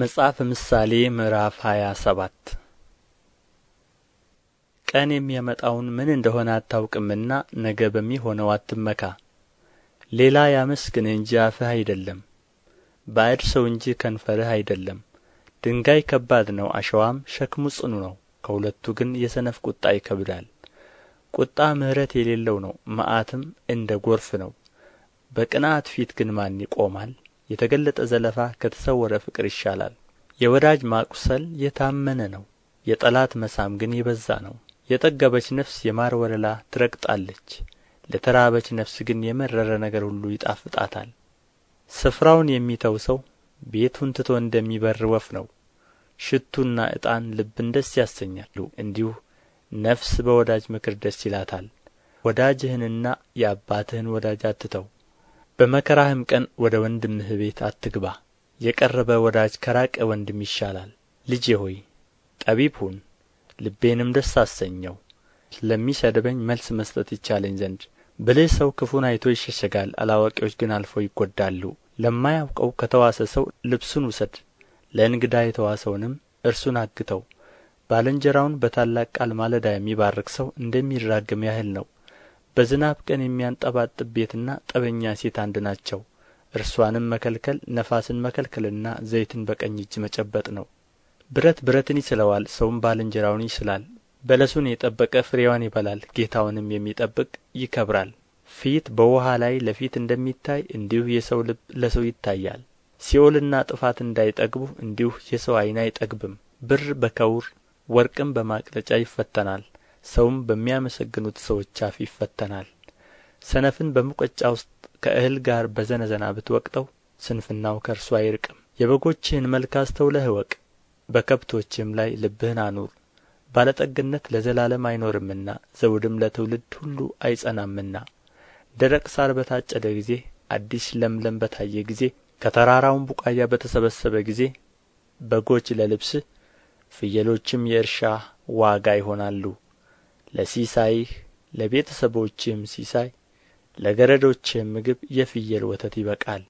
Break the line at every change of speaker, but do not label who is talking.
መጽሐፈ ምሳሌ ምዕራፍ ሃያ ሰባት ቀን የሚያመጣውን ምን እንደሆነ አታውቅምና ነገ በሚሆነው አትመካ። ሌላ ያመስግን እንጂ አፍህ አይደለም፣ ባዕድ ሰው እንጂ ከንፈርህ አይደለም። ድንጋይ ከባድ ነው፣ አሸዋም ሸክሙ ጽኑ ነው። ከሁለቱ ግን የሰነፍ ቁጣ ይከብዳል። ቁጣ ምሕረት የሌለው ነው፣ መዓትም እንደ ጎርፍ ነው። በቅንዓት ፊት ግን ማን ይቆማል? የተገለጠ ዘለፋ ከተሰወረ ፍቅር ይሻላል። የወዳጅ ማቁሰል የታመነ ነው፣ የጠላት መሳም ግን የበዛ ነው። የጠገበች ነፍስ የማር ወለላ ትረግጣለች፣ ለተራበች ነፍስ ግን የመረረ ነገር ሁሉ ይጣፍጣታል። ስፍራውን የሚተው ሰው ቤቱን ትቶ እንደሚበር ወፍ ነው። ሽቱና ዕጣን ልብን ደስ ያሰኛሉ፣ እንዲሁ ነፍስ በወዳጅ ምክር ደስ ይላታል። ወዳጅህንና የአባትህን ወዳጅ አትተው፣ በመከራህም ቀን ወደ ወንድምህ ቤት አትግባ የቀረበ ወዳጅ ከራቀ ወንድም ይሻላል ልጄ ሆይ ጠቢብ ሁን ልቤንም ደስ አሰኘው ለሚሰድበኝ መልስ መስጠት ይቻለኝ ዘንድ ብልህ ሰው ክፉን አይቶ ይሸሸጋል አላዋቂዎች ግን አልፈው ይጐዳሉ ለማያውቀው ከተዋሰ ሰው ልብሱን ውሰድ ለእንግዳ የተዋሰውንም እርሱን አግተው ባልንጀራውን በታላቅ ቃል ማለዳ የሚባርክ ሰው እንደሚራገም ያህል ነው በዝናብ ቀን የሚያንጠባጥብ ቤትና ጠበኛ ሴት አንድ ናቸው እርስዋንም መከልከል ነፋስን መከልከልና ዘይትን በቀኝ እጅ መጨበጥ ነው ብረት ብረትን ይስለዋል ሰውም ባልንጀራውን ይስላል በለሱን የጠበቀ ፍሬዋን ይበላል ጌታውንም የሚጠብቅ ይከብራል ፊት በውሃ ላይ ለፊት እንደሚታይ እንዲሁ የሰው ልብ ለሰው ይታያል ሲኦልና ጥፋት እንዳይጠግቡ እንዲሁ የሰው ዓይን አይጠግብም ብር በከውር ወርቅም በማቅለጫ ይፈተናል ሰውም በሚያመሰግኑት ሰዎች አፍ ይፈተናል ሰነፍን በሙቀጫ ውስጥ ከእህል ጋር በዘነዘና ብትወቅጠው ስንፍናው ከእርሱ አይርቅም የበጎችህን መልክ አስተውለህ እወቅ በከብቶችህም ላይ ልብህን አኑር ባለጠግነት ለዘላለም አይኖርምና ዘውድም ለትውልድ ሁሉ አይጸናምና ደረቅ ሳር በታጨደ ጊዜ አዲስ ለምለም በታየ ጊዜ ከተራራውም ቡቃያ በተሰበሰበ ጊዜ በጎች ለልብስ ፍየሎችም የእርሻ ዋጋ ይሆናሉ ለሲሳይህ ለቤተሰቦችህም ሲሳይ ለገረዶችህም ምግብ የፍየል ወተት ይበቃል